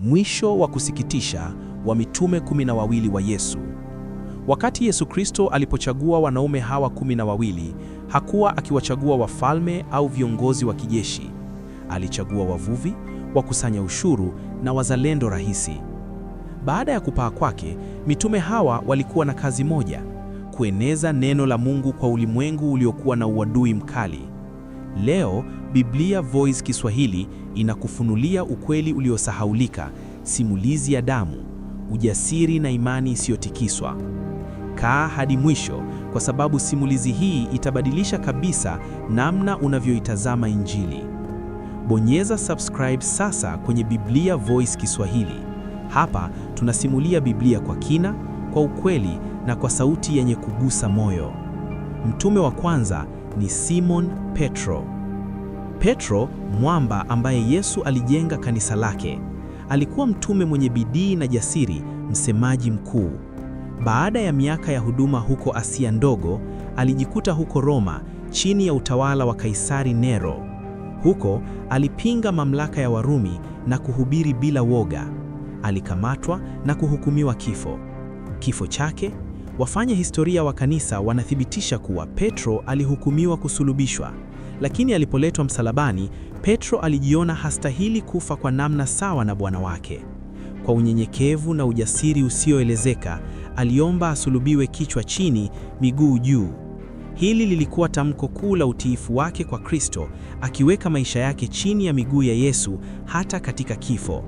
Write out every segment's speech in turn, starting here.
Mwisho wa kusikitisha wa mitume kumi na wawili wa Yesu. Wakati Yesu Kristo alipochagua wanaume hawa kumi na wawili, hakuwa akiwachagua wafalme au viongozi wa kijeshi. Alichagua wavuvi, wakusanya ushuru na wazalendo rahisi. Baada ya kupaa kwake, mitume hawa walikuwa na kazi moja, kueneza neno la Mungu kwa ulimwengu uliokuwa na uadui mkali. Leo Biblia Voice Kiswahili inakufunulia ukweli uliosahaulika, simulizi ya damu, ujasiri na imani isiyotikiswa. Kaa hadi mwisho kwa sababu simulizi hii itabadilisha kabisa namna unavyoitazama Injili. Bonyeza subscribe sasa kwenye Biblia Voice Kiswahili. Hapa tunasimulia Biblia kwa kina, kwa ukweli na kwa sauti yenye kugusa moyo. Mtume wa kwanza ni Simon Petro. Petro, mwamba ambaye Yesu alijenga kanisa lake, alikuwa mtume mwenye bidii na jasiri, msemaji mkuu. Baada ya miaka ya huduma huko Asia ndogo, alijikuta huko Roma chini ya utawala wa Kaisari Nero. Huko alipinga mamlaka ya Warumi na kuhubiri bila woga. Alikamatwa na kuhukumiwa kifo. Kifo chake Wafanya historia wa kanisa wanathibitisha kuwa Petro alihukumiwa kusulubishwa, lakini alipoletwa msalabani, Petro alijiona hastahili kufa kwa namna sawa na Bwana wake. Kwa unyenyekevu na ujasiri usioelezeka, aliomba asulubiwe kichwa chini, miguu juu. Hili lilikuwa tamko kuu la utiifu wake kwa Kristo, akiweka maisha yake chini ya miguu ya Yesu hata katika kifo.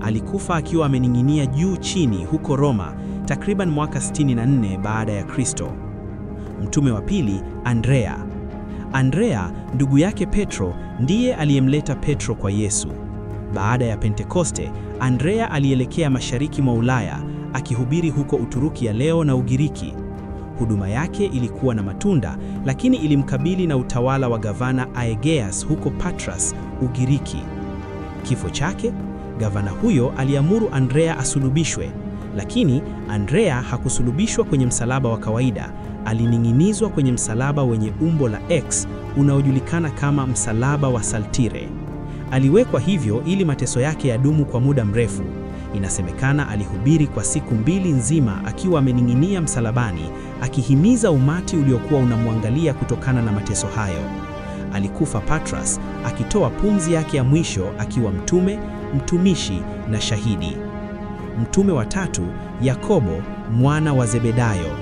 Alikufa akiwa amening'inia juu chini huko Roma, takriban mwaka 64 baada ya Kristo. Mtume wa pili Andrea. Andrea ndugu yake Petro ndiye aliyemleta Petro kwa Yesu. Baada ya Pentekoste, Andrea alielekea mashariki mwa Ulaya akihubiri huko Uturuki ya leo na Ugiriki. Huduma yake ilikuwa na matunda, lakini ilimkabili na utawala wa gavana Aegeas huko Patras, Ugiriki. Kifo chake, gavana huyo aliamuru Andrea asulubishwe. Lakini Andrea hakusulubishwa kwenye msalaba wa kawaida, alining'inizwa kwenye msalaba wenye umbo la X unaojulikana kama msalaba wa Saltire. Aliwekwa hivyo ili mateso yake yadumu kwa muda mrefu. Inasemekana alihubiri kwa siku mbili nzima akiwa amening'inia msalabani, akihimiza umati uliokuwa unamwangalia kutokana na mateso hayo. Alikufa Patras akitoa pumzi yake ya mwisho akiwa mtume, mtumishi na shahidi mtume wa tatu Yakobo mwana wa Zebedayo.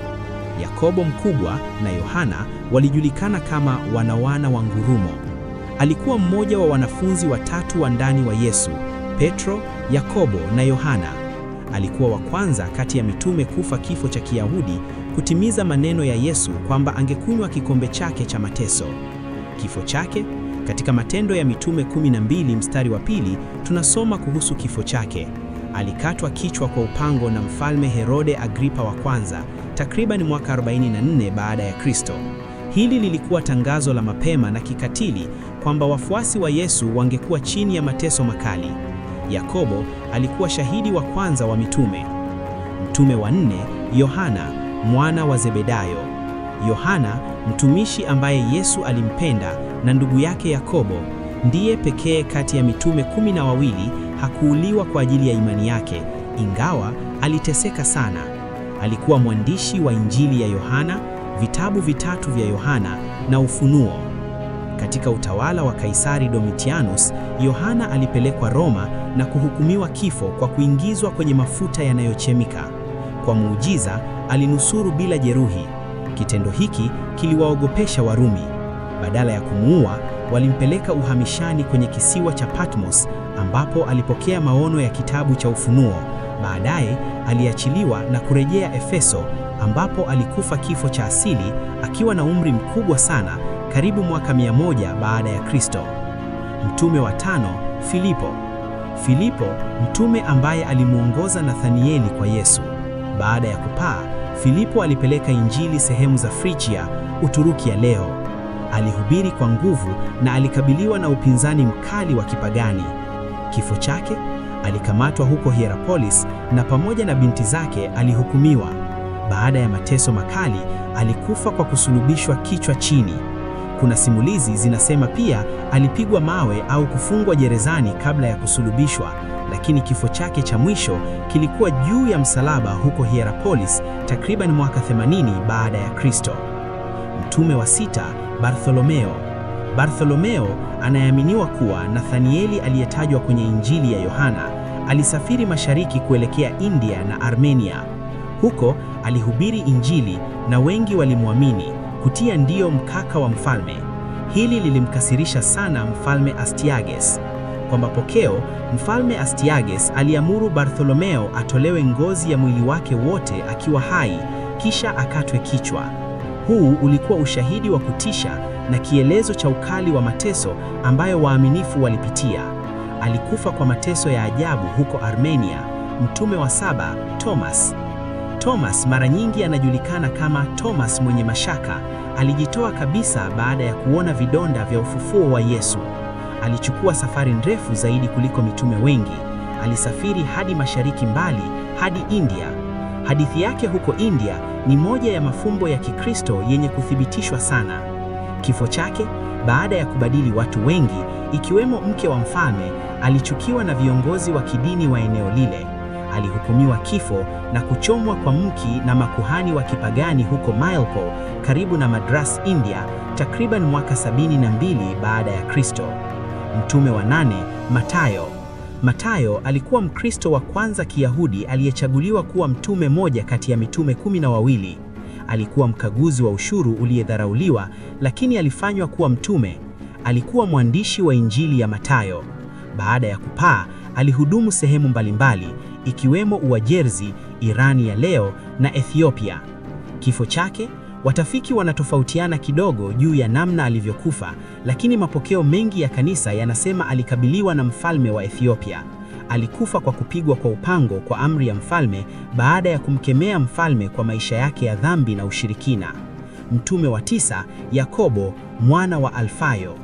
Yakobo mkubwa na Yohana walijulikana kama wanawana wa ngurumo. Alikuwa mmoja wa wanafunzi watatu wa ndani wa Yesu, Petro, Yakobo na Yohana. Alikuwa wa kwanza kati ya mitume kufa kifo cha Kiyahudi kutimiza maneno ya Yesu kwamba angekunywa kikombe chake cha mateso. Kifo chake katika Matendo ya Mitume 12 mstari wa pili tunasoma kuhusu kifo chake alikatwa kichwa kwa upango na mfalme Herode Agripa wa kwanza takriban mwaka 44 baada ya Kristo. Hili lilikuwa tangazo la mapema na kikatili kwamba wafuasi wa Yesu wangekuwa chini ya mateso makali. Yakobo alikuwa shahidi wa kwanza wa mitume. Mtume wa nne, Yohana mwana wa Zebedayo. Yohana mtumishi ambaye Yesu alimpenda na ndugu yake Yakobo ndiye pekee kati ya mitume kumi na wawili hakuuliwa kwa ajili ya imani yake, ingawa aliteseka sana. Alikuwa mwandishi wa Injili ya Yohana, vitabu vitatu vya Yohana na Ufunuo. Katika utawala wa Kaisari Domitianus, Yohana alipelekwa Roma na kuhukumiwa kifo kwa kuingizwa kwenye mafuta yanayochemika. Kwa muujiza, alinusuru bila jeruhi. Kitendo hiki kiliwaogopesha Warumi. Badala ya kumuua, walimpeleka uhamishani kwenye kisiwa cha Patmos ambapo alipokea maono ya kitabu cha Ufunuo. Baadaye aliachiliwa na kurejea Efeso ambapo alikufa kifo cha asili akiwa na umri mkubwa sana, karibu mwaka mia moja baada ya Kristo. Mtume wa tano, Filipo. Filipo, mtume ambaye alimwongoza Nathanieli kwa Yesu. Baada ya kupaa, Filipo alipeleka Injili sehemu za Frigia, Uturuki ya leo. Alihubiri kwa nguvu na alikabiliwa na upinzani mkali wa kipagani. Kifo chake, alikamatwa huko Hierapolis na pamoja na binti zake alihukumiwa. Baada ya mateso makali, alikufa kwa kusulubishwa kichwa chini. Kuna simulizi zinasema pia alipigwa mawe au kufungwa gerezani kabla ya kusulubishwa, lakini kifo chake cha mwisho kilikuwa juu ya msalaba huko Hierapolis takriban mwaka 80 baada ya Kristo. Mtume wa sita Bartholomeo. Bartholomeo anayeaminiwa kuwa Nathanieli aliyetajwa kwenye Injili ya Yohana alisafiri mashariki kuelekea India na Armenia. Huko alihubiri Injili na wengi walimwamini, kutia ndio mkaka wa mfalme. Hili lilimkasirisha sana Mfalme Astiages. Kwa mapokeo, Mfalme Astiages aliamuru Bartholomeo atolewe ngozi ya mwili wake wote akiwa hai, kisha akatwe kichwa. Huu ulikuwa ushahidi wa kutisha na kielezo cha ukali wa mateso ambayo waaminifu walipitia. Alikufa kwa mateso ya ajabu huko Armenia, mtume wa saba Thomas. Thomas mara nyingi anajulikana kama Thomas mwenye mashaka, alijitoa kabisa baada ya kuona vidonda vya ufufuo wa Yesu. Alichukua safari ndefu zaidi kuliko mitume wengi. Alisafiri hadi mashariki mbali, hadi India. Hadithi yake huko India ni moja ya mafumbo ya Kikristo yenye kuthibitishwa sana. Kifo chake, baada ya kubadili watu wengi, ikiwemo mke wa mfalme, alichukiwa na viongozi wa kidini wa eneo lile. Alihukumiwa kifo na kuchomwa kwa mki na makuhani wa kipagani huko Mailpo karibu na Madras, India, takriban mwaka 72 baada ya Kristo. Mtume wa nane Mathayo matayo alikuwa Mkristo wa kwanza Kiyahudi aliyechaguliwa kuwa mtume moja kati ya mitume kumi na wawili. Alikuwa mkaguzi wa ushuru uliyedharauliwa, lakini alifanywa kuwa mtume. Alikuwa mwandishi wa Injili ya matayo Baada ya kupaa, alihudumu sehemu mbalimbali ikiwemo Uajerzi, Irani ya leo na Ethiopia. Kifo chake Watafiki wanatofautiana kidogo juu ya namna alivyokufa, lakini mapokeo mengi ya kanisa yanasema alikabiliwa na mfalme wa Ethiopia. Alikufa kwa kupigwa kwa upango kwa amri ya mfalme baada ya kumkemea mfalme kwa maisha yake ya dhambi na ushirikina. Mtume wa tisa, Yakobo mwana wa Alfayo.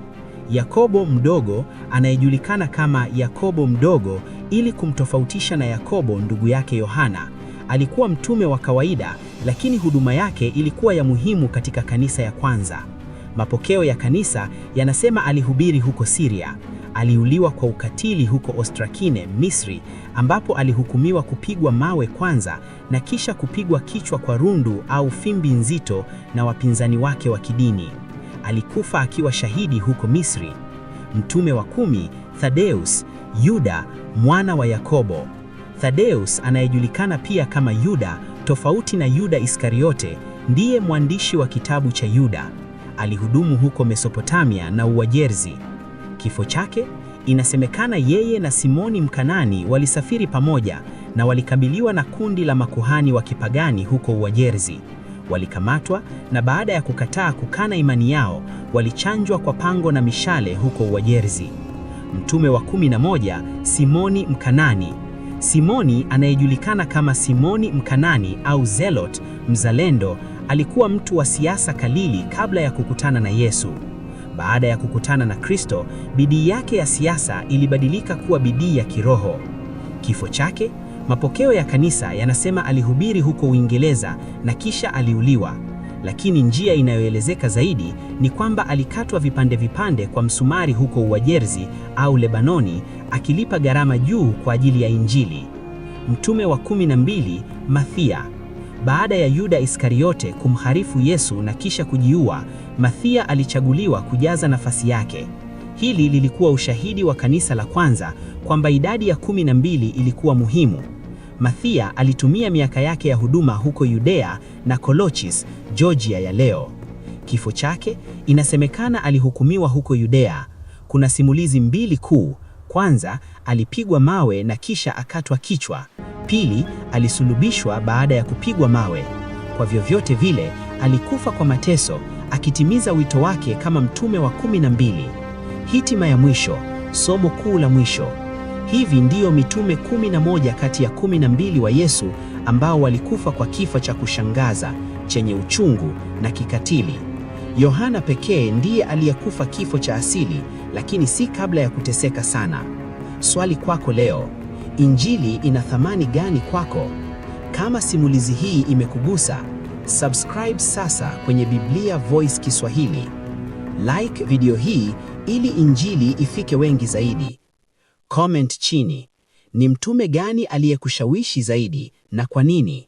Yakobo mdogo anayejulikana kama Yakobo mdogo ili kumtofautisha na Yakobo ndugu yake Yohana alikuwa mtume wa kawaida, lakini huduma yake ilikuwa ya muhimu katika kanisa ya kwanza. Mapokeo ya kanisa yanasema alihubiri huko Siria, aliuliwa kwa ukatili huko Ostrakine, Misri, ambapo alihukumiwa kupigwa mawe kwanza na kisha kupigwa kichwa kwa rundu au fimbi nzito na wapinzani wake wa kidini. Alikufa akiwa shahidi huko Misri. Mtume wa kumi, Thaddeus, Yuda, mwana wa Yakobo. Thaddeus anayejulikana pia kama Yuda, tofauti na Yuda Iskariote, ndiye mwandishi wa kitabu cha Yuda. Alihudumu huko Mesopotamia na Uajerzi. Kifo chake, inasemekana yeye na Simoni Mkanani walisafiri pamoja na walikabiliwa na kundi la makuhani wa kipagani huko Uajerzi. Walikamatwa na baada ya kukataa kukana imani yao, walichanjwa kwa pango na mishale huko Uajerzi. Mtume wa kumi na moja Simoni Mkanani Simoni anayejulikana kama Simoni Mkanani au Zelot mzalendo alikuwa mtu wa siasa kalili kabla ya kukutana na Yesu. Baada ya kukutana na Kristo, bidii yake ya siasa ilibadilika kuwa bidii ya kiroho. Kifo chake, mapokeo ya kanisa yanasema alihubiri huko Uingereza na kisha aliuliwa lakini njia inayoelezeka zaidi ni kwamba alikatwa vipande vipande kwa msumari huko Uajerzi au Lebanoni, akilipa gharama juu kwa ajili ya Injili. Mtume wa kumi na mbili Mathia. Baada ya Yuda Iskariote kumharifu Yesu na kisha kujiua, Mathia alichaguliwa kujaza nafasi yake. Hili lilikuwa ushahidi wa kanisa la kwanza kwamba idadi ya kumi na mbili ilikuwa muhimu. Mathia alitumia miaka yake ya huduma huko Yudea na Kolochis, Georgia ya leo. Kifo chake inasemekana alihukumiwa huko Yudea. Kuna simulizi mbili kuu. Kwanza, alipigwa mawe na kisha akatwa kichwa. Pili, alisulubishwa baada ya kupigwa mawe. Kwa vyovyote vile, alikufa kwa mateso akitimiza wito wake kama mtume wa kumi na mbili. Hitima ya mwisho, somo kuu la mwisho. Hivi ndiyo mitume kumi na moja kati ya kumi na mbili wa Yesu ambao walikufa kwa kifo cha kushangaza chenye uchungu na kikatili. Yohana pekee ndiye aliyekufa kifo cha asili, lakini si kabla ya kuteseka sana. Swali kwako leo, Injili ina thamani gani kwako? Kama simulizi hii imekugusa, subscribe sasa kwenye Biblia Voice Kiswahili. Like video hii ili Injili ifike wengi zaidi. Comment chini, ni mtume gani aliyekushawishi zaidi na kwa nini?